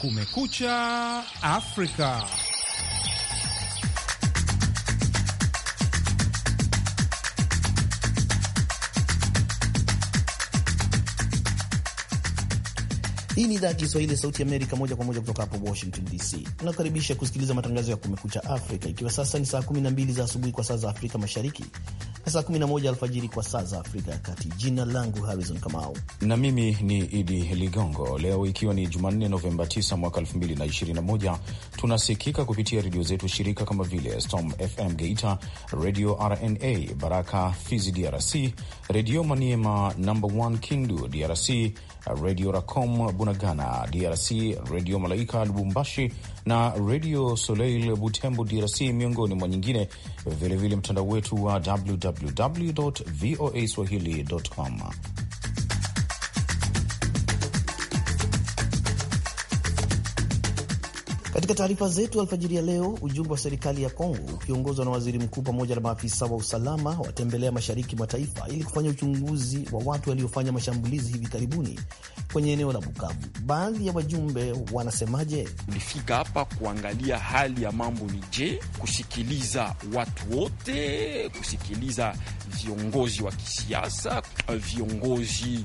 Kumekucha Afrika. Hii ni idhaa ya Kiswahili ya Sauti Amerika, moja kwa moja kutoka hapo Washington DC. unakaribisha kusikiliza matangazo ya Kumekucha Afrika, ikiwa sasa ni saa 12 za asubuhi kwa saa za Afrika Mashariki saa 11 alfajiri kwa saa za Afrika ya Kati. Jina langu Harrison Kamau na mimi ni Idi Ligongo. Leo ikiwa ni Jumanne, Novemba 9 mwaka 2021, tunasikika kupitia redio zetu shirika kama vile Storm FM Geita, Redio RNA Baraka Fizi DRC, Redio Maniema namba 1 Kindu DRC, Redio Racom Bunagana DRC, Redio Malaika Lubumbashi na Redio Soleil Butembo DRC, miongoni mwa nyingine. Vilevile mtandao wetu wa www voa swahili com Katika taarifa zetu alfajiri ya leo, ujumbe wa serikali ya Kongo ukiongozwa na waziri mkuu pamoja na maafisa wa usalama watembelea mashariki mwa taifa ili kufanya uchunguzi wa watu waliofanya mashambulizi hivi karibuni kwenye eneo la Bukavu. Baadhi ya wajumbe wanasemaje? ulifika hapa kuangalia hali ya mambo ni je, kusikiliza watu wote, kusikiliza viongozi wa kisiasa, viongozi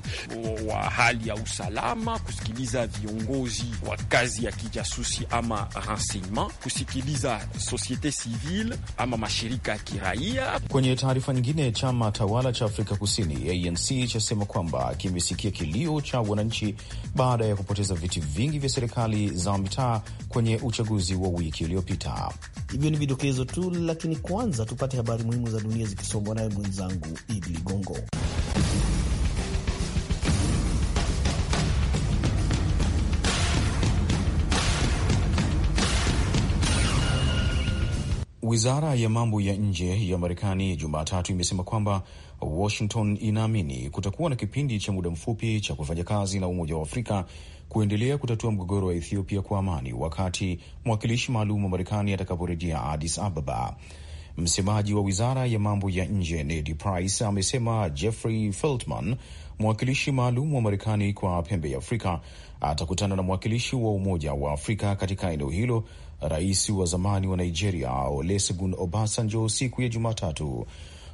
wa hali ya usalama, kusikiliza viongozi wa kazi ya kijasusi ama renseignement, kusikiliza societe civile ama mashirika ya kiraia. Kwenye taarifa nyingine, chama tawala cha Afrika Kusini ANC chasema kwamba kimesikia kilio cha wananchi wananchi baada ya kupoteza viti vingi vya serikali za mitaa kwenye uchaguzi wa wiki uliopita. Hivyo ni vidokezo tu, lakini kwanza tupate habari muhimu za dunia zikisomwa naye mwenzangu Idi Ligongo. Wizara ya mambo ya nje ya Marekani Jumatatu imesema kwamba Washington inaamini kutakuwa na kipindi cha muda mfupi cha kufanya kazi na Umoja wa Afrika kuendelea kutatua mgogoro wa Ethiopia kwa amani wakati mwakilishi maalum wa Marekani atakaporejea Addis Ababa. Msemaji wa wizara ya mambo ya nje Ned Price amesema Jeffrey Feltman, mwakilishi maalum wa Marekani kwa pembe ya Afrika, atakutana na mwakilishi wa Umoja wa Afrika katika eneo hilo rais wa zamani wa Nigeria Olusegun Obasanjo siku ya Jumatatu.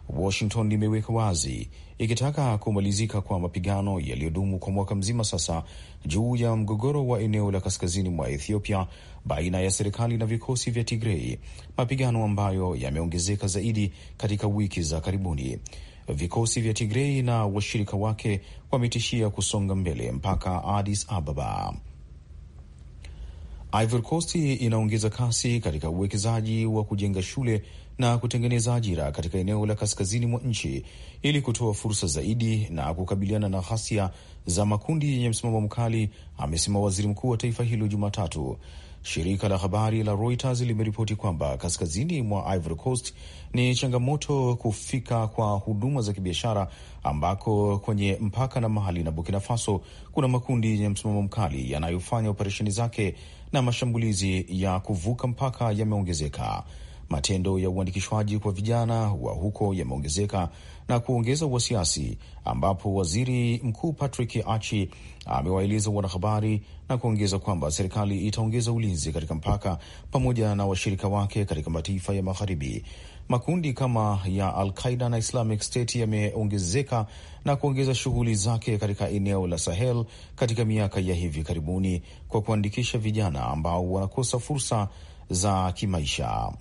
Washington imeweka wazi ikitaka kumalizika kwa mapigano yaliyodumu kwa mwaka mzima sasa juu ya mgogoro wa eneo la kaskazini mwa Ethiopia baina ya serikali na vikosi vya Tigrei, mapigano ambayo yameongezeka zaidi katika wiki za karibuni. Vikosi vya Tigrei na washirika wake wametishia kusonga mbele mpaka Addis Ababa. Ivory Coast inaongeza kasi katika uwekezaji wa kujenga shule na kutengeneza ajira katika eneo la kaskazini mwa nchi ili kutoa fursa zaidi na kukabiliana na ghasia za makundi yenye msimamo mkali, amesema waziri mkuu wa taifa hilo Jumatatu. Shirika la habari la Reuters limeripoti kwamba kaskazini mwa Ivory Coast ni changamoto kufika kwa huduma za kibiashara, ambako kwenye mpaka na Mali na Burkina Faso kuna makundi yenye msimamo mkali yanayofanya operesheni zake na mashambulizi ya kuvuka mpaka yameongezeka. Matendo ya uandikishwaji kwa vijana wa huko yameongezeka na kuongeza wasiwasi, ambapo waziri mkuu Patrick Achi amewaeleza wanahabari na kuongeza kwamba serikali itaongeza ulinzi katika mpaka pamoja na washirika wake katika mataifa ya magharibi. Makundi kama ya Al-Qaida na Islamic State yameongezeka na kuongeza shughuli zake katika eneo la Sahel katika miaka ya hivi karibuni kwa kuandikisha vijana ambao wanakosa fursa za kimaisha.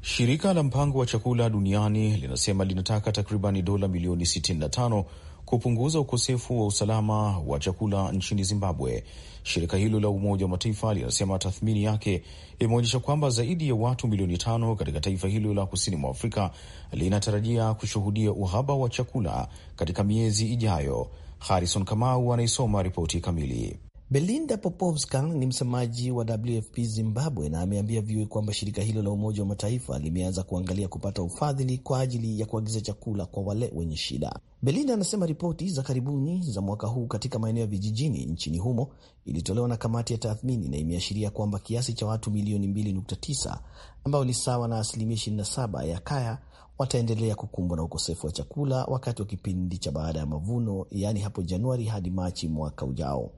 Shirika la mpango wa chakula duniani linasema linataka takribani dola milioni 65 kupunguza ukosefu wa usalama wa chakula nchini Zimbabwe. Shirika hilo la Umoja wa Mataifa linasema tathmini yake imeonyesha kwamba zaidi ya watu milioni tano katika taifa hilo la kusini mwa Afrika linatarajia kushuhudia uhaba wa chakula katika miezi ijayo. Harison Kamau anaisoma ripoti kamili. Belinda Popovska ni msemaji wa WFP Zimbabwe na ameambia VOA kwamba shirika hilo la Umoja wa Mataifa limeanza kuangalia kupata ufadhili kwa ajili ya kuagiza chakula kwa wale wenye shida. Belinda anasema ripoti za karibuni za mwaka huu katika maeneo ya vijijini nchini humo ilitolewa na kamati ya tathmini na imeashiria kwamba kiasi cha watu milioni 2.9 ambao ni sawa na asilimia 27 ya kaya wataendelea kukumbwa na ukosefu wa chakula wakati wa kipindi cha baada ya mavuno, yaani hapo Januari hadi Machi mwaka ujao.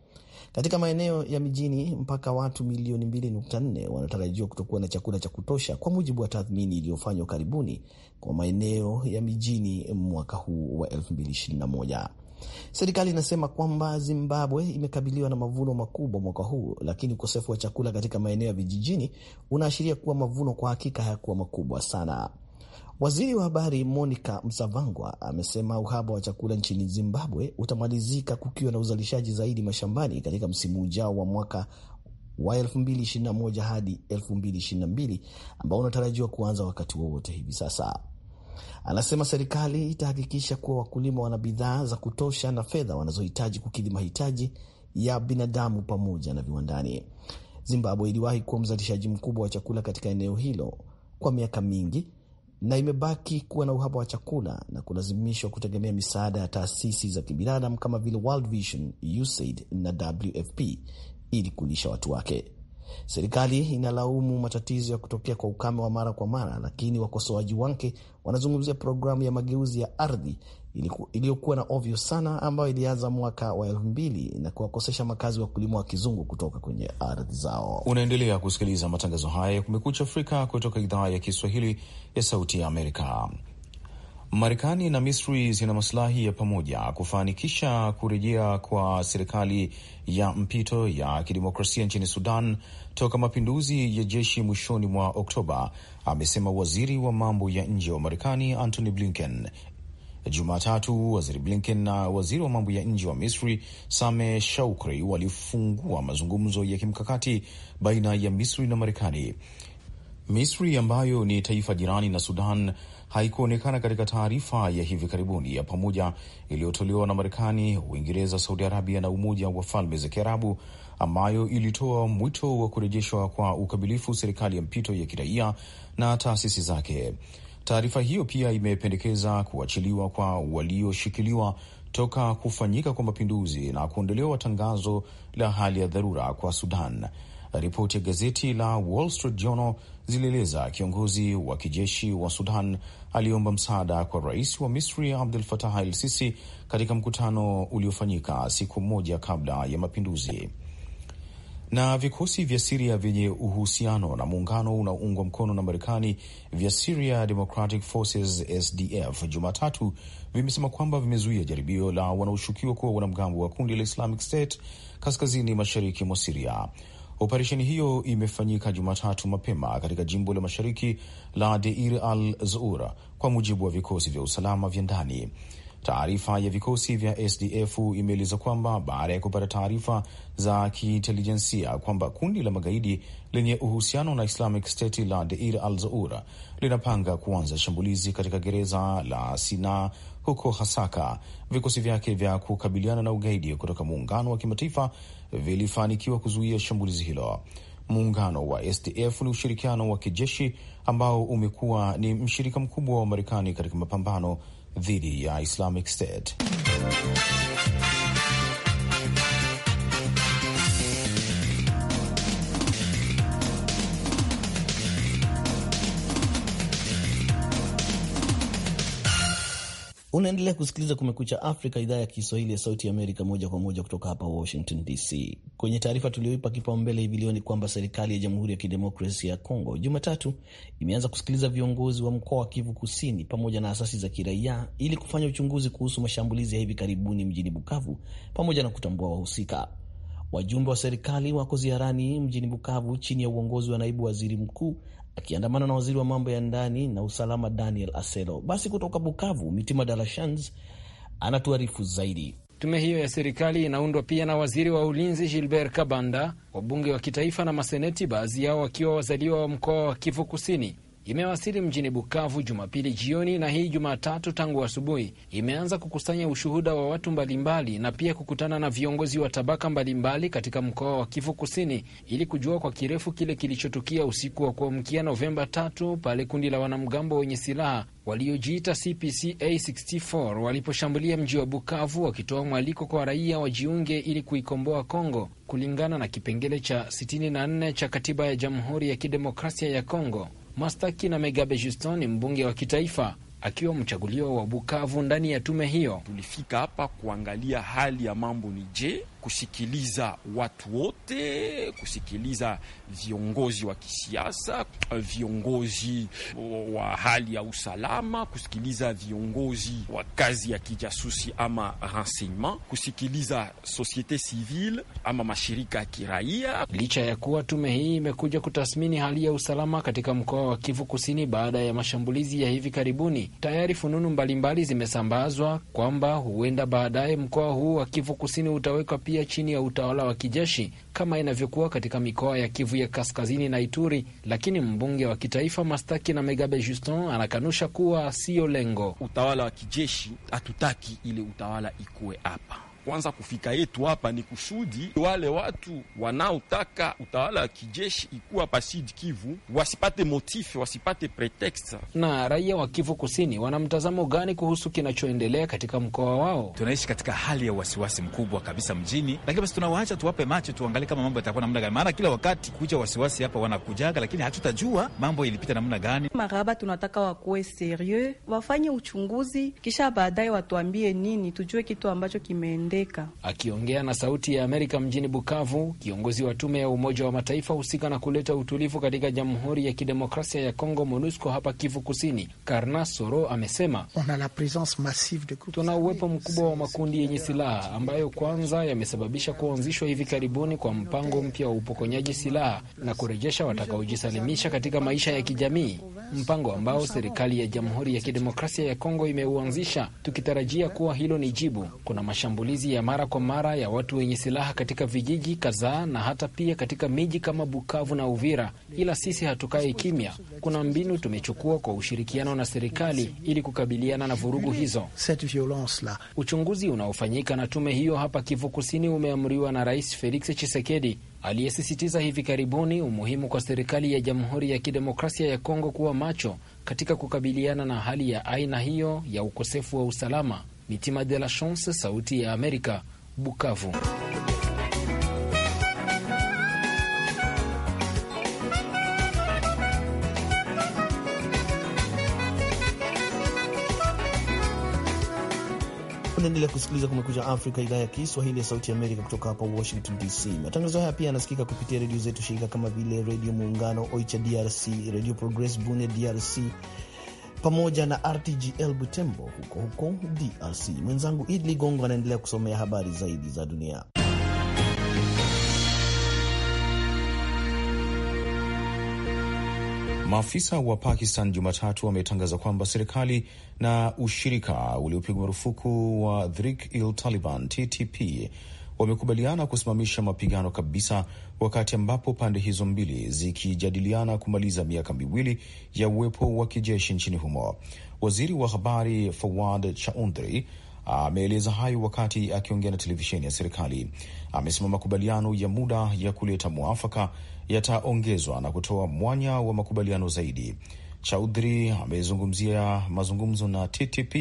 Katika maeneo ya mijini mpaka watu milioni 2.4 wanatarajiwa kutokuwa na chakula cha kutosha, kwa mujibu wa tathmini iliyofanywa karibuni kwa maeneo ya mijini mwaka huu wa 2021. Serikali inasema kwamba Zimbabwe imekabiliwa na mavuno makubwa mwaka huu, lakini ukosefu wa chakula katika maeneo ya vijijini unaashiria kuwa mavuno kwa hakika hayakuwa makubwa sana. Waziri wa habari Monica Msavangwa amesema uhaba wa chakula nchini Zimbabwe utamalizika kukiwa na uzalishaji zaidi mashambani katika msimu ujao wa mwaka wa 2021 hadi 2022 ambao unatarajiwa kuanza wakati wowote hivi sasa. Anasema serikali itahakikisha kuwa wakulima wana bidhaa za kutosha na fedha wanazohitaji kukidhi mahitaji ya binadamu pamoja na viwandani. Zimbabwe iliwahi kuwa mzalishaji mkubwa wa chakula katika eneo hilo kwa miaka mingi na imebaki kuwa na uhaba wa chakula na kulazimishwa kutegemea misaada ya taasisi za kibinadamu kama vile World Vision, USAID na WFP ili kulisha watu wake. Serikali inalaumu matatizo ya kutokea kwa ukame wa mara kwa mara, lakini wakosoaji wake wanazungumzia programu ya mageuzi ya ardhi iliyokuwa na ovyo sana ambayo ilianza mwaka wa elfu mbili na kuwakosesha makazi wakulima wa kizungu kutoka kwenye ardhi zao. Unaendelea kusikiliza matangazo haya ya Kumekucha Afrika kutoka idhaa ya Kiswahili ya Sauti ya Amerika. Marekani na Misri zina masilahi ya pamoja kufanikisha kurejea kwa serikali ya mpito ya kidemokrasia nchini Sudan toka mapinduzi ya jeshi mwishoni mwa Oktoba, amesema waziri wa mambo ya nje wa Marekani Antony Blinken Jumatatu, waziri Blinken na waziri wa mambo ya nje wa Misri same Shoukry walifungua mazungumzo ya kimkakati baina ya Misri na Marekani. Misri ambayo ni taifa jirani na Sudan haikuonekana katika taarifa ya hivi karibuni ya pamoja iliyotolewa na Marekani, Uingereza, Saudi Arabia na Umoja wa Falme za Kiarabu, ambayo ilitoa mwito wa kurejeshwa kwa ukabilifu serikali ya mpito ya kiraia na taasisi zake. Taarifa hiyo pia imependekeza kuachiliwa kwa walioshikiliwa toka kufanyika kwa mapinduzi na kuondolewa tangazo la hali ya dharura kwa Sudan. Ripoti ya gazeti la Wall Street Journal zilieleza kiongozi wa kijeshi wa Sudan aliomba msaada kwa rais wa Misri abdul fatah el Sisi katika mkutano uliofanyika siku moja kabla ya mapinduzi na vikosi vya Siria vyenye uhusiano na muungano unaoungwa mkono na Marekani vya Syria Democratic Forces SDF Jumatatu vimesema kwamba vimezuia jaribio la wanaoshukiwa kuwa wanamgambo wa kundi la Islamic State kaskazini mashariki mwa Siria. Operesheni hiyo imefanyika Jumatatu mapema katika jimbo la mashariki la Deir al-Zour, kwa mujibu wa vikosi vya usalama vya ndani. Taarifa ya vikosi vya SDF imeeleza kwamba baada ya kupata taarifa za kiintelijensia kwamba kundi la magaidi lenye uhusiano na Islamic State la Deir al-Zour linapanga kuanza shambulizi katika gereza la sina huko Hasaka, vikosi vyake vya kukabiliana na ugaidi kutoka muungano wa kimataifa vilifanikiwa kuzuia shambulizi hilo muungano wa SDF ni ushirikiano wa kijeshi ambao umekuwa ni mshirika mkubwa wa Marekani katika mapambano dhidi ya Islamic State. Unaendelea kusikiliza Kumekucha Afrika, idhaa ya Kiswahili ya Sauti Amerika, moja kwa moja kutoka hapa Washington DC. Kwenye taarifa tulioipa kipaumbele hivi leo ni kwamba serikali ya Jamhuri ya Kidemokrasia ya Kongo Jumatatu imeanza kusikiliza viongozi wa mkoa wa Kivu Kusini pamoja na asasi za kiraia ili kufanya uchunguzi kuhusu mashambulizi ya hivi karibuni mjini Bukavu pamoja na kutambua wahusika. Wajumbe wa serikali wako ziarani mjini Bukavu chini ya uongozi wa naibu waziri mkuu akiandamana na waziri wa mambo ya ndani na usalama Daniel Aselo. Basi kutoka Bukavu, Mitima Dalashans anatuarifu zaidi. Tume hiyo ya serikali inaundwa pia na waziri wa ulinzi Gilbert Kabanda, wabunge wa kitaifa na maseneti, baadhi yao wakiwa wazaliwa wa mkoa wa Kivu Kusini imewasili mjini Bukavu Jumapili jioni na hii Jumatatu tangu asubuhi imeanza kukusanya ushuhuda wa watu mbalimbali na pia kukutana na viongozi wa tabaka mbalimbali katika mkoa wa Kivu Kusini ili kujua kwa kirefu kile kilichotukia usiku wa kuamkia Novemba tatu pale kundi la wanamgambo wenye silaha waliojiita CPCA 64 waliposhambulia mji wa Bukavu wakitoa mwaliko kwa raia wajiunge ili kuikomboa Kongo kulingana na kipengele cha 64 cha katiba ya Jamhuri ya Kidemokrasia ya Kongo mastaki na Megabe Juston ni mbunge wa kitaifa akiwa mchaguliwa wa Bukavu ndani ya tume hiyo. Tulifika hapa kuangalia hali ya mambo ni je kusikiliza watu wote, kusikiliza viongozi wa kisiasa, viongozi wa hali ya usalama, kusikiliza viongozi wa kazi ya kijasusi ama renseignement, kusikiliza societe civile ama mashirika ya kiraia. Licha ya kuwa tume hii imekuja kutathmini hali ya usalama katika mkoa wa Kivu Kusini baada ya mashambulizi ya hivi karibuni, tayari fununu mbalimbali zimesambazwa kwamba huenda baadaye mkoa huu wa Kivu Kusini utawekwa pia pia chini ya utawala wa kijeshi kama inavyokuwa katika mikoa ya Kivu ya Kaskazini na Ituri, lakini mbunge wa kitaifa Mastaki na Megabe Juston anakanusha kuwa siyo lengo. Utawala wa kijeshi hatutaki, ili utawala ikuwe hapa kwanza kufika yetu hapa ni kusudi wale watu wanaotaka utawala wa kijeshi ikuwa pasidi Kivu wasipate motif, wasipate pretext. Na raia wa Kivu Kusini wana mtazamo gani kuhusu kinachoendelea katika mkoa wao? Tunaishi katika hali ya wasiwasi mkubwa kabisa mjini, lakini basi tunawaacha tuwape macho, tuangalie kama mambo yatakuwa namna gani, maana kila wakati kuja wasiwasi hapa wanakujaga, lakini hatutajua mambo ilipita namna gani. Maraba tunataka wakuwe serieux, wafanye uchunguzi, kisha baadaye watuambie nini, tujue kitu ambacho kimeende kutendeka. Akiongea na Sauti ya Amerika mjini Bukavu, kiongozi wa tume ya Umoja wa Mataifa husika na kuleta utulivu katika Jamhuri ya Kidemokrasia ya Kongo, MONUSCO, hapa Kivu Kusini, Karna Soro amesema tuna uwepo mkubwa wa makundi yenye silaha ambayo kwanza yamesababisha kuanzishwa hivi karibuni kwa mpango mpya wa upokonyaji silaha na kurejesha watakaojisalimisha katika maisha ya kijamii, mpango ambao serikali ya Jamhuri ya Kidemokrasia ya Kongo imeuanzisha, tukitarajia kuwa hilo ni jibu. Kuna mashambulizi mashambulizi ya mara kwa mara ya watu wenye silaha katika vijiji kadhaa na hata pia katika miji kama Bukavu na Uvira, ila sisi hatukae kimya. Kuna mbinu tumechukua kwa ushirikiano na serikali ili kukabiliana na vurugu hizo. Uchunguzi unaofanyika na tume hiyo hapa Kivu Kusini umeamriwa na Rais Felix Tshisekedi aliyesisitiza hivi karibuni umuhimu kwa serikali ya Jamhuri ya Kidemokrasia ya Kongo kuwa macho katika kukabiliana na hali ya aina hiyo ya ukosefu wa usalama. Mitima de la Chance, Sauti ya Amerika, Bukavu. Unaendelea kusikiliza Kumekucha Afrika, idhaa ya Kiswahili ya Sauti Amerika kutoka hapa Washington DC. Matangazo haya pia yanasikika kupitia redio zetu shirika kama vile Redio Muungano Oicha DRC, Redio Progress Bune DRC, pamoja na RTGL Butembo huko huko DRC. Mwenzangu Id Ligongo anaendelea kusomea habari zaidi za dunia. Maafisa wa Pakistan Jumatatu wametangaza kwamba serikali na ushirika uliopigwa marufuku wa Tehrik-i-Taliban TTP wamekubaliana kusimamisha mapigano kabisa, wakati ambapo pande hizo mbili zikijadiliana kumaliza miaka miwili ya uwepo wa kijeshi nchini humo. Waziri wa habari Fawad Chaudhry ameeleza hayo wakati akiongea na televisheni ya serikali. Amesema makubaliano ya muda ya kuleta mwafaka yataongezwa na kutoa mwanya wa makubaliano zaidi. Chaudhry amezungumzia mazungumzo na TTP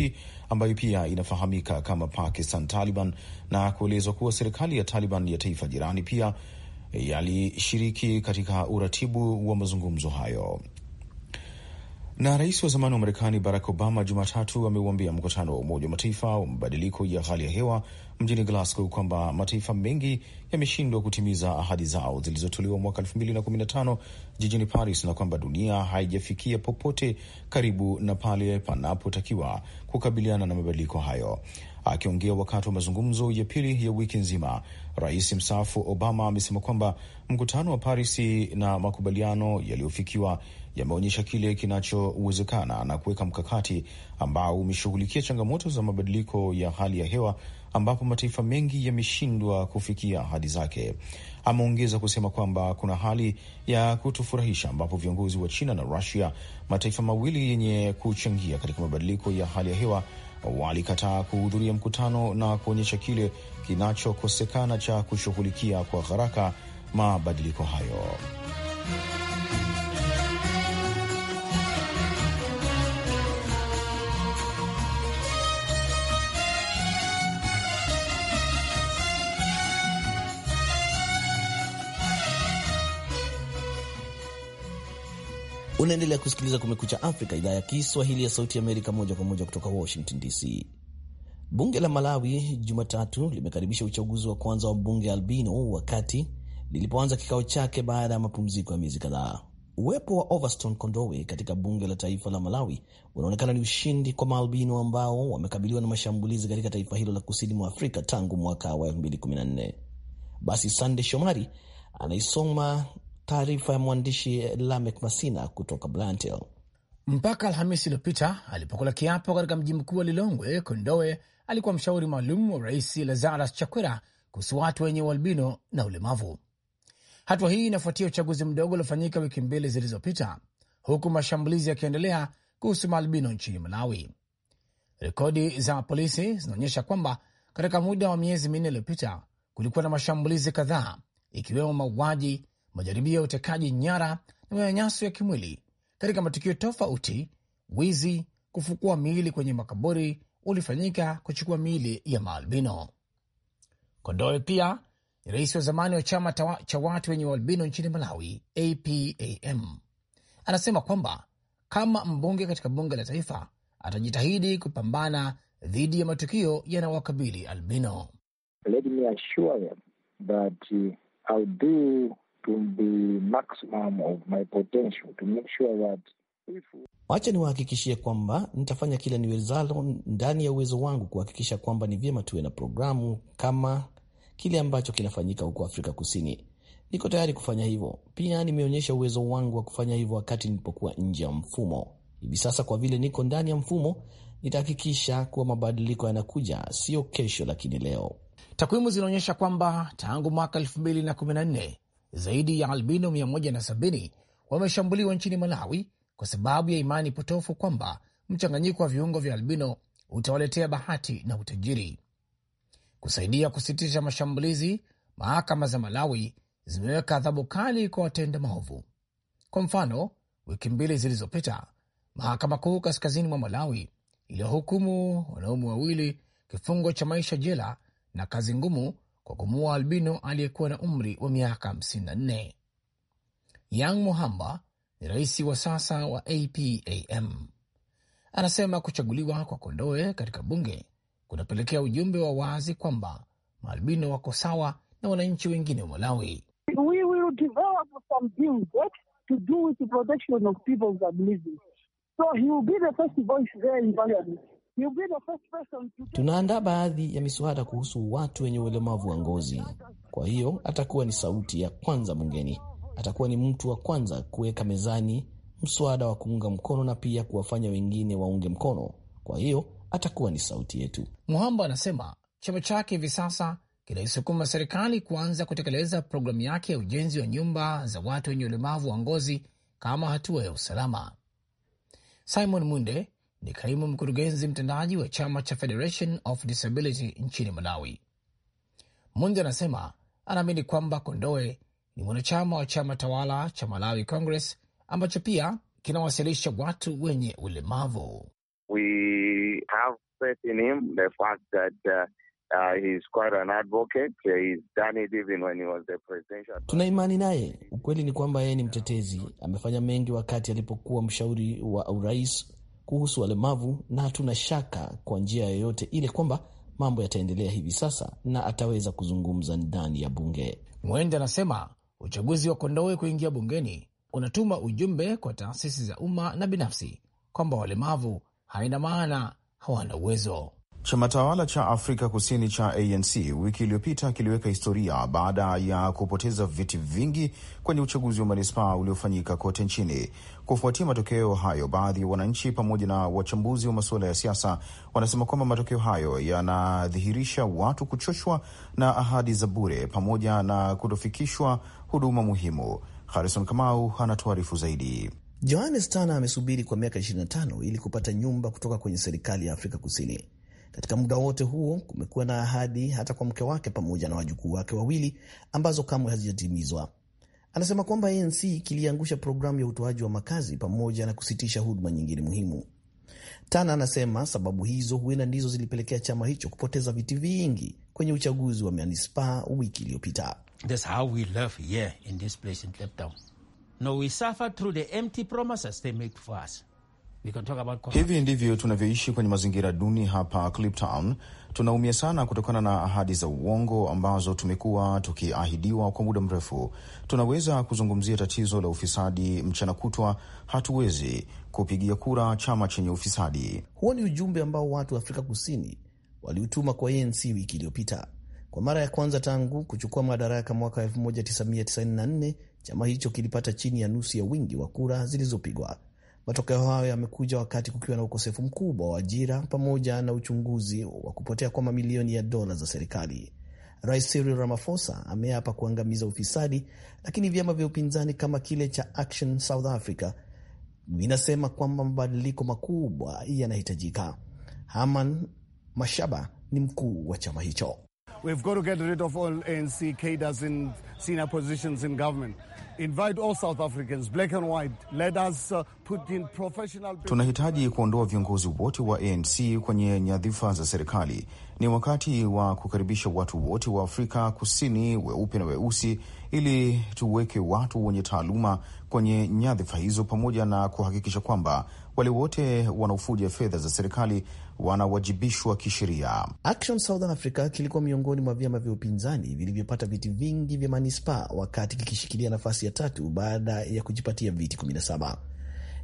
ambayo pia inafahamika kama Pakistan Taliban, na kuelezwa kuwa serikali ya Taliban ya taifa jirani pia yalishiriki katika uratibu wa mazungumzo hayo. Na rais wa zamani wa Marekani Barack Obama Jumatatu ameuambia mkutano wa Umoja wa Mataifa wa mabadiliko ya hali ya hewa mjini Glasgow kwamba mataifa mengi yameshindwa kutimiza ahadi zao zilizotolewa mwaka 2015 jijini Paris na kwamba dunia haijafikia popote karibu na pale panapotakiwa kukabiliana na mabadiliko hayo. Akiongea wakati wa mazungumzo ya pili ya wiki nzima, rais mstaafu Obama amesema kwamba mkutano wa Paris na makubaliano yaliyofikiwa yameonyesha kile kinachowezekana na kuweka mkakati ambao umeshughulikia changamoto za mabadiliko ya hali ya hewa ambapo mataifa mengi yameshindwa kufikia ahadi zake. Ameongeza kusema kwamba kuna hali ya kutofurahisha ambapo viongozi wa China na Rusia, mataifa mawili yenye kuchangia katika mabadiliko ya hali ya hewa walikataa kuhudhuria mkutano na kuonyesha kile kinachokosekana cha kushughulikia kwa haraka mabadiliko hayo. Unaendelea kusikiliza Kumekucha Afrika, idhaa ya Kiswahili ya Sauti Amerika, moja kwa moja kutoka Washington DC. Bunge la Malawi Jumatatu limekaribisha uchaguzi wa kwanza wa bunge albino wakati lilipoanza kikao chake baada ya mapumziko ya miezi kadhaa. Uwepo wa Overstone Kondowe katika bunge la taifa la Malawi unaonekana ni ushindi kwa maalbino ambao wamekabiliwa na mashambulizi katika taifa hilo la kusini mwa Afrika tangu mwaka wa 2014. Basi Sande Shomari anaisoma Taarifa ya mwandishi eh, Lamek Masina kutoka Blantyre. Mpaka Alhamisi iliyopita alipokula kiapo katika mji mkuu wa Lilongwe, Kondoe alikuwa mshauri maalum wa rais Lazarus Chakwera kuhusu watu wenye ualbino na ulemavu. Hatua hii inafuatia uchaguzi mdogo uliofanyika wiki mbili zilizopita, huku mashambulizi yakiendelea kuhusu maalbino nchini Malawi. Rekodi za polisi zinaonyesha kwamba katika muda wa miezi minne iliyopita kulikuwa na mashambulizi kadhaa, ikiwemo mauaji, majaribio ya utekaji nyara na manyanyaso ya kimwili katika matukio tofauti. Wizi, kufukua miili kwenye makaburi ulifanyika kuchukua miili ya maalbino. Kondoe pia ni rais wa zamani wa chama cha watu wenye ualbino nchini Malawi, APAM, anasema kwamba kama mbunge katika bunge la taifa atajitahidi kupambana dhidi ya matukio yanayowakabili albino. Let me assure them that uh, I'll do to the maximum of my potential to make sure that Wacha niwahakikishie kwamba nitafanya kila niwezalo ndani ya uwezo wangu kuhakikisha kwamba ni vyema tuwe na programu kama kile ambacho kinafanyika huko Afrika Kusini. Niko tayari kufanya hivyo. Pia nimeonyesha uwezo wangu wa kufanya hivyo wakati nilipokuwa nje ya mfumo. Hivi sasa kwa vile niko ndani ya mfumo, nitahakikisha kuwa mabadiliko yanakuja, sio kesho, lakini leo. Takwimu zinaonyesha kwamba tangu mwaka 2014 zaidi ya albino 170 wameshambuliwa nchini Malawi kwa sababu ya imani potofu kwamba mchanganyiko wa viungo vya albino utawaletea bahati na utajiri. Kusaidia kusitisha mashambulizi, mahakama za Malawi zimeweka adhabu kali kwa watenda maovu. Kwa mfano, wiki mbili zilizopita, mahakama kuu kaskazini mwa Malawi iliyohukumu wanaume wawili kifungo cha maisha jela na kazi ngumu kwa kumuua albino aliyekuwa na umri wa miaka 54. Yang Muhamba ni rais wa sasa wa APAM. Anasema kuchaguliwa kwa Kondoe katika bunge kunapelekea ujumbe wa wazi kwamba maalbino wako sawa na wananchi wengine wa Malawi. So Tunaandaa baadhi ya miswada kuhusu watu wenye ulemavu wa ngozi, kwa hiyo atakuwa ni sauti ya kwanza bungeni. Atakuwa ni mtu wa kwanza kuweka mezani mswada wa kuunga mkono na pia kuwafanya wengine waunge mkono, kwa hiyo atakuwa ni sauti yetu. Muhamba anasema chama chake hivi sasa kinaisukuma serikali kuanza kutekeleza programu yake ya ujenzi wa nyumba za watu wenye ulemavu wa ngozi kama hatua ya usalama. Simon Munde ni kaimu mkurugenzi mtendaji wa chama cha Federation of Disability nchini Malawi. Mundi anasema anaamini kwamba Kondoe ni mwanachama wa chama tawala cha Malawi Congress ambacho pia kinawasilisha watu wenye ulemavu. We have faith in him, the fact that, uh, uh Tuna imani naye. Ukweli ni kwamba yeye ni mtetezi, amefanya mengi wakati alipokuwa mshauri wa urais kuhusu walemavu na hatuna shaka kwa njia yoyote ile kwamba mambo yataendelea hivi sasa na ataweza kuzungumza ndani ya bunge. Mwende anasema uchaguzi wa Kondowe kuingia bungeni unatuma ujumbe kwa taasisi za umma na binafsi kwamba walemavu haina maana hawana uwezo. Chama tawala cha Afrika Kusini cha ANC wiki iliyopita kiliweka historia baada ya kupoteza viti vingi kwenye uchaguzi wa manispaa uliofanyika kote nchini. Kufuatia matokeo hayo, baadhi ya wananchi pamoja na wachambuzi wa masuala ya siasa wanasema kwamba matokeo hayo yanadhihirisha watu kuchoshwa na ahadi za bure pamoja na kutofikishwa huduma muhimu. Harison Kamau anatuarifu zaidi. Johannes Tana amesubiri kwa miaka 25 ili kupata nyumba kutoka kwenye serikali ya Afrika Kusini. Katika muda wote huo kumekuwa na ahadi hata kwa mke wake pamoja na wajukuu wake wawili ambazo kamwe hazijatimizwa. Anasema kwamba ANC kiliangusha programu ya utoaji wa makazi pamoja na kusitisha huduma nyingine muhimu. Tana anasema sababu hizo huenda ndizo zilipelekea chama hicho kupoteza viti vingi kwenye uchaguzi wa manispa wiki iliyopita. No, Hivi ndivyo tunavyoishi kwenye mazingira duni hapa Cliptown. Tunaumia sana kutokana na ahadi za uongo ambazo tumekuwa tukiahidiwa kwa muda mrefu. Tunaweza kuzungumzia tatizo la ufisadi mchana kutwa, hatuwezi kupigia kura chama chenye ufisadi. Huo ni ujumbe ambao watu wa Afrika Kusini waliutuma kwa ANC wiki iliyopita. Kwa mara ya kwanza tangu kuchukua madaraka mwaka 1994 chama hicho kilipata chini ya nusu ya wingi wa kura zilizopigwa. Matokeo hayo yamekuja wakati kukiwa na ukosefu mkubwa wa ajira pamoja na uchunguzi wa kupotea kwa mamilioni ya dola za serikali. Rais Cyril Ramaphosa ameapa kuangamiza ufisadi, lakini vyama vya upinzani kama kile cha Action South Africa vinasema kwamba mabadiliko makubwa yanahitajika. haman Mashaba ni mkuu wa chama hicho. We've got to get rid of all ANC cadres in senior positions in government. Invite all South Africans, black and white. Let us uh, put in professional... Tunahitaji kuondoa viongozi wote wa ANC kwenye nyadhifa za serikali. Ni wakati wa kukaribisha watu wote wa Afrika Kusini, weupe na weusi, ili tuweke watu wenye taaluma kwenye nyadhifa hizo, pamoja na kuhakikisha kwamba wale wote wanaofuja fedha za serikali wanawajibishwa kisheria. Action Southern Africa kilikuwa miongoni mwa vyama vya upinzani vilivyopata viti vingi vya manispaa, wakati kikishikilia nafasi ya tatu baada ya kujipatia viti 17.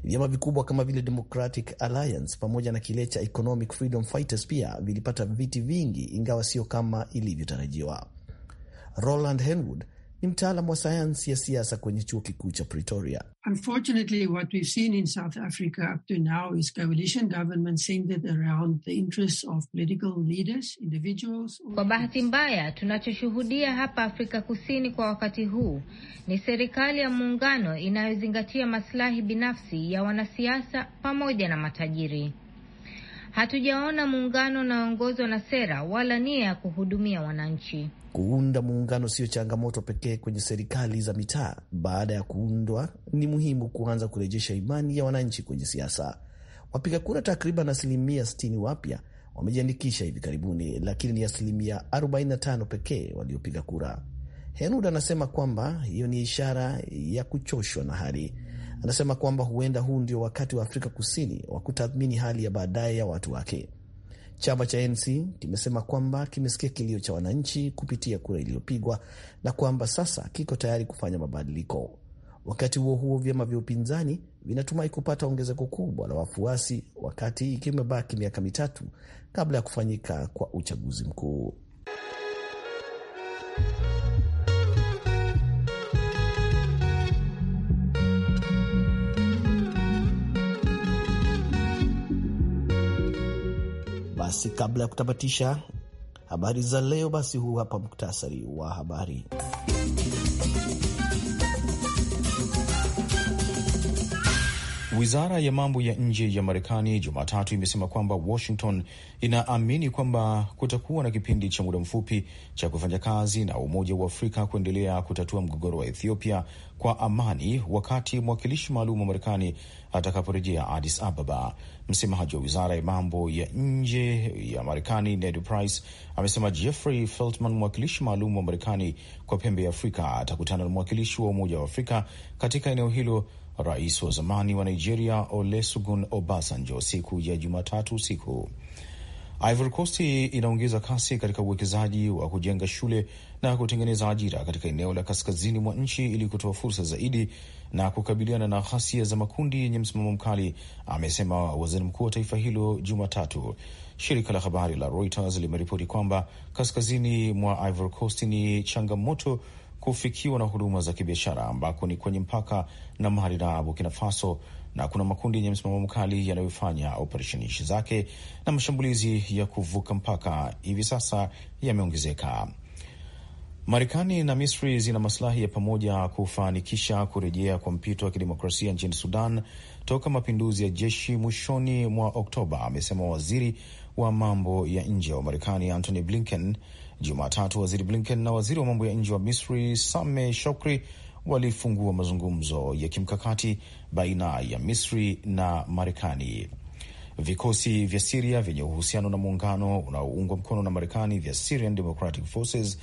Vyama vikubwa kama vile Democratic Alliance pamoja na kile cha Economic Freedom Fighters pia vilipata viti vingi, ingawa sio kama ilivyotarajiwa. Roland Henwood ni mtaalamu wa sayansi ya siasa kwenye chuo kikuu cha Pretoria. Kwa bahati mbaya, tunachoshuhudia hapa Afrika Kusini kwa wakati huu ni serikali ya muungano inayozingatia masilahi binafsi ya wanasiasa pamoja na matajiri. Hatujaona muungano unaoongozwa na sera wala nia ya kuhudumia wananchi. Kuunda muungano sio changamoto pekee kwenye serikali za mitaa. Baada ya kuundwa, ni muhimu kuanza kurejesha imani ya wananchi kwenye siasa. Wapiga kura takriban asilimia 60 wapya wamejiandikisha hivi karibuni, lakini ni asilimia 45 pekee waliopiga kura. Henud anasema kwamba hiyo ni ishara ya kuchoshwa na hali. Anasema kwamba huenda huu ndio wakati wa Afrika Kusini wa kutathmini hali ya baadaye ya watu wake. Chama cha NC kimesema kwamba kimesikia kilio cha wananchi kupitia kura iliyopigwa na kwamba sasa kiko tayari kufanya mabadiliko. Wakati huo huo, vyama vya upinzani vinatumai kupata ongezeko kubwa la wafuasi, wakati ikiwa imebaki miaka mitatu kabla ya kufanyika kwa uchaguzi mkuu. Basi kabla ya kutamatisha habari za leo, basi huu hapa muktasari wa habari. Wizara ya mambo ya nje ya Marekani Jumatatu imesema kwamba Washington inaamini kwamba kutakuwa na kipindi cha muda mfupi cha kufanya kazi na Umoja wa Afrika kuendelea kutatua mgogoro wa Ethiopia kwa amani, wakati mwakilishi maalum wa Marekani atakaporejea Addis Ababa. Msemaji wa wizara ya mambo ya nje ya Marekani Ned Price amesema Jeffrey Feltman, mwakilishi maalum wa Marekani kwa pembe ya Afrika, atakutana na mwakilishi wa Umoja wa Afrika katika eneo hilo, rais wa zamani wa Nigeria Olusegun Obasanjo, siku ya Jumatatu usiku. Ivory Coast inaongeza kasi katika uwekezaji wa kujenga shule na kutengeneza ajira katika eneo la kaskazini mwa nchi ili kutoa fursa zaidi na kukabiliana na ghasia za makundi yenye msimamo mkali, amesema waziri mkuu wa taifa hilo Jumatatu. Shirika la habari la Reuters limeripoti kwamba kaskazini mwa Ivory Coast ni changamoto kufikiwa na huduma za kibiashara ambako ni kwenye mpaka na Mali na Burkina Faso na kuna makundi yenye msimamo mkali yanayofanya operesheni zake na mashambulizi ya kuvuka mpaka hivi sasa yameongezeka. Marekani na Misri zina masilahi ya pamoja kufanikisha kurejea kwa mpito wa kidemokrasia nchini Sudan toka mapinduzi ya jeshi mwishoni mwa Oktoba, amesema waziri wa mambo ya nje wa Marekani Antony Blinken Jumatatu. Waziri Blinken na waziri wa mambo ya nje wa Misri Sameh Shoukry walifungua mazungumzo ya kimkakati baina ya Misri na Marekani. Vikosi vya Siria vyenye uhusiano na muungano unaoungwa mkono na Marekani vya Syrian Democratic Forces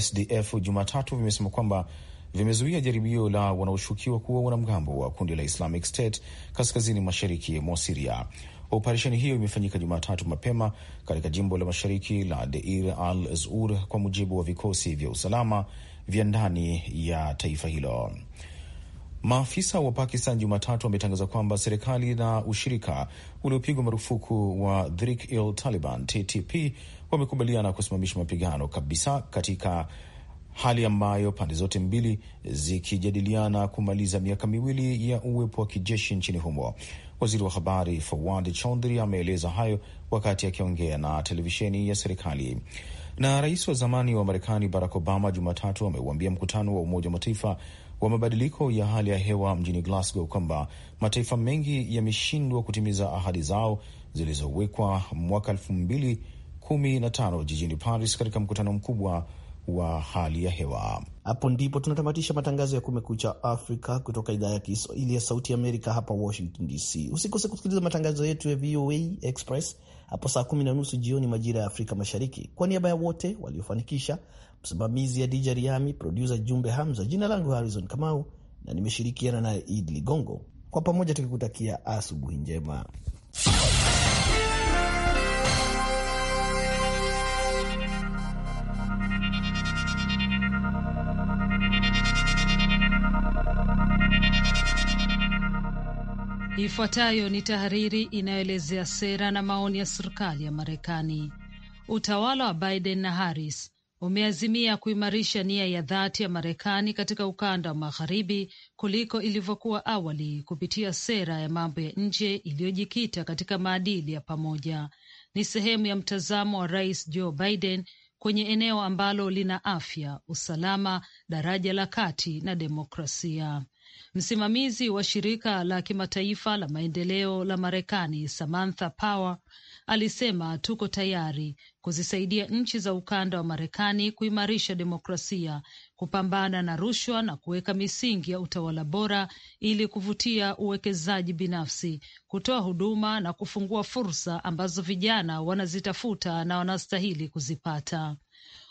SDF Jumatatu vimesema kwamba vimezuia jaribio la wanaoshukiwa kuwa wanamgambo wa kundi la Islamic State kaskazini mashariki mwa Siria. Operesheni hiyo imefanyika Jumatatu mapema katika jimbo la mashariki la Deir al-Zur, kwa mujibu wa vikosi vya usalama vya ndani ya taifa hilo. Maafisa wa Pakistan Jumatatu wametangaza kwamba serikali na ushirika uliopigwa marufuku wa Tehrik-i-Taliban TTP wamekubaliana kusimamisha mapigano kabisa katika hali ambayo pande zote mbili zikijadiliana kumaliza miaka miwili ya uwepo wa kijeshi nchini humo. Waziri wa habari Fawad Chaudhry ameeleza hayo wakati akiongea na televisheni ya serikali. Na rais wa zamani wa Marekani Barack Obama Jumatatu ameuambia mkutano wa Umoja wa Mataifa wa mabadiliko ya hali ya hewa mjini Glasgow kwamba mataifa mengi yameshindwa kutimiza ahadi zao zilizowekwa mwaka elfu mbili kumi na tano jijini Paris katika mkutano mkubwa wa hali ya hewa. Hapo ndipo tunatamatisha matangazo ya Kumekucha Afrika kutoka idhaa ya Kiswahili ya Sauti Amerika hapa Washington DC. Usikose kusikiliza matangazo yetu ya VOA Express hapo saa kumi na nusu jioni majira ya Afrika Mashariki. Kwa niaba ya wote waliofanikisha, msimamizi ya dija Riami, produsa Jumbe Hamza, jina langu Harrison Kamau na nimeshirikiana naye Id Ligongo, kwa pamoja tukikutakia asubuhi njema. Ifuatayo ni tahariri inayoelezea sera na maoni ya serikali ya Marekani. Utawala wa Biden na Harris umeazimia kuimarisha nia ya dhati ya Marekani katika ukanda wa magharibi kuliko ilivyokuwa awali kupitia sera ya mambo ya nje iliyojikita katika maadili ya pamoja. Ni sehemu ya mtazamo wa Rais Joe Biden kwenye eneo ambalo lina afya, usalama, daraja la kati na demokrasia. Msimamizi wa shirika la kimataifa la maendeleo la Marekani, Samantha Power, alisema tuko tayari kuzisaidia nchi za ukanda wa Marekani kuimarisha demokrasia, kupambana na rushwa na kuweka misingi ya utawala bora ili kuvutia uwekezaji binafsi, kutoa huduma na kufungua fursa ambazo vijana wanazitafuta na wanastahili kuzipata.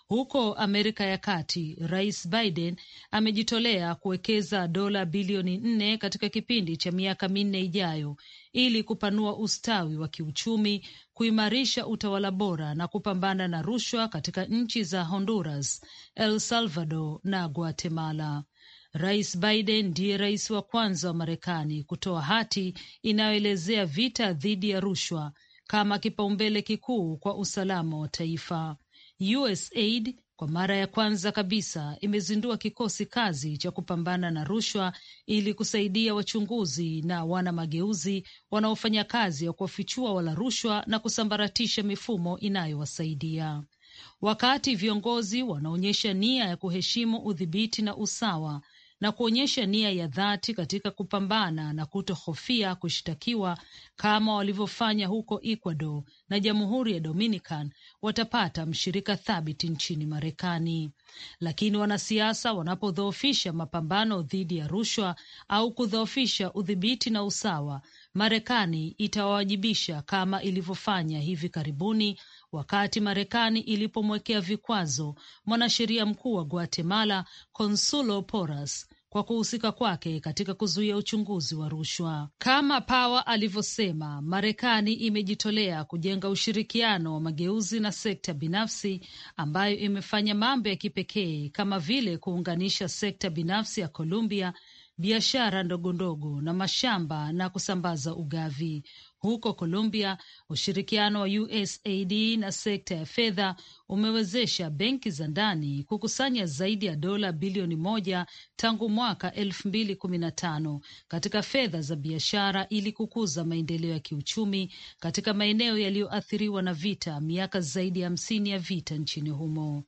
Huko Amerika ya Kati, Rais Biden amejitolea kuwekeza dola bilioni nne katika kipindi cha miaka minne ijayo ili kupanua ustawi wa kiuchumi, kuimarisha utawala bora na kupambana na rushwa katika nchi za Honduras, El Salvador na Guatemala. Rais Biden ndiye rais wa kwanza wa Marekani kutoa hati inayoelezea vita dhidi ya rushwa kama kipaumbele kikuu kwa usalama wa taifa. USAID kwa mara ya kwanza kabisa imezindua kikosi kazi cha kupambana na rushwa ili kusaidia wachunguzi na wana mageuzi wanaofanya kazi ya kuwafichua wala rushwa na kusambaratisha mifumo inayowasaidia. Wakati viongozi wanaonyesha nia ya kuheshimu udhibiti na usawa, na kuonyesha nia ya dhati katika kupambana na kutohofia kushtakiwa kama walivyofanya huko Ecuador na Jamhuri ya Dominican, watapata mshirika thabiti nchini Marekani. Lakini wanasiasa wanapodhoofisha mapambano dhidi ya rushwa au kudhoofisha udhibiti na usawa, Marekani itawawajibisha kama ilivyofanya hivi karibuni wakati Marekani ilipomwekea vikwazo mwanasheria mkuu wa Guatemala Consulo Porras kwa kuhusika kwake katika kuzuia uchunguzi wa rushwa. Kama Power alivyosema, Marekani imejitolea kujenga ushirikiano wa mageuzi na sekta binafsi ambayo imefanya mambo ya kipekee kama vile kuunganisha sekta binafsi ya columbia biashara ndogondogo na mashamba na kusambaza ugavi. Huko columbia ushirikiano wa USAID na sekta ya fedha umewezesha benki za ndani kukusanya zaidi ya dola bilioni moja tangu mwaka elfu mbili kumi na tano katika fedha za biashara ili kukuza maendeleo ya kiuchumi katika maeneo yaliyoathiriwa na vita, miaka zaidi ya hamsini ya vita nchini humo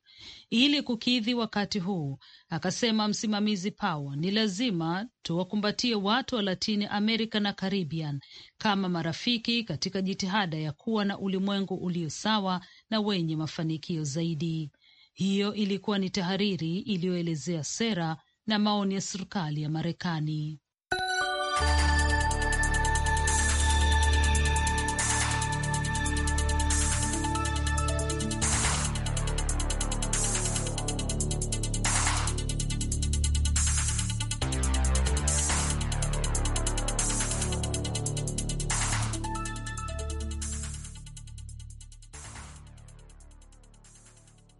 ili kukidhi wakati huu, akasema msimamizi Power. Ni lazima tuwakumbatie watu wa Latini america na Caribbean kama marafiki katika jitihada ya kuwa na ulimwengu ulio sawa na wenye mafanikio zaidi. Hiyo ilikuwa ni tahariri iliyoelezea sera na maoni ya serikali ya Marekani.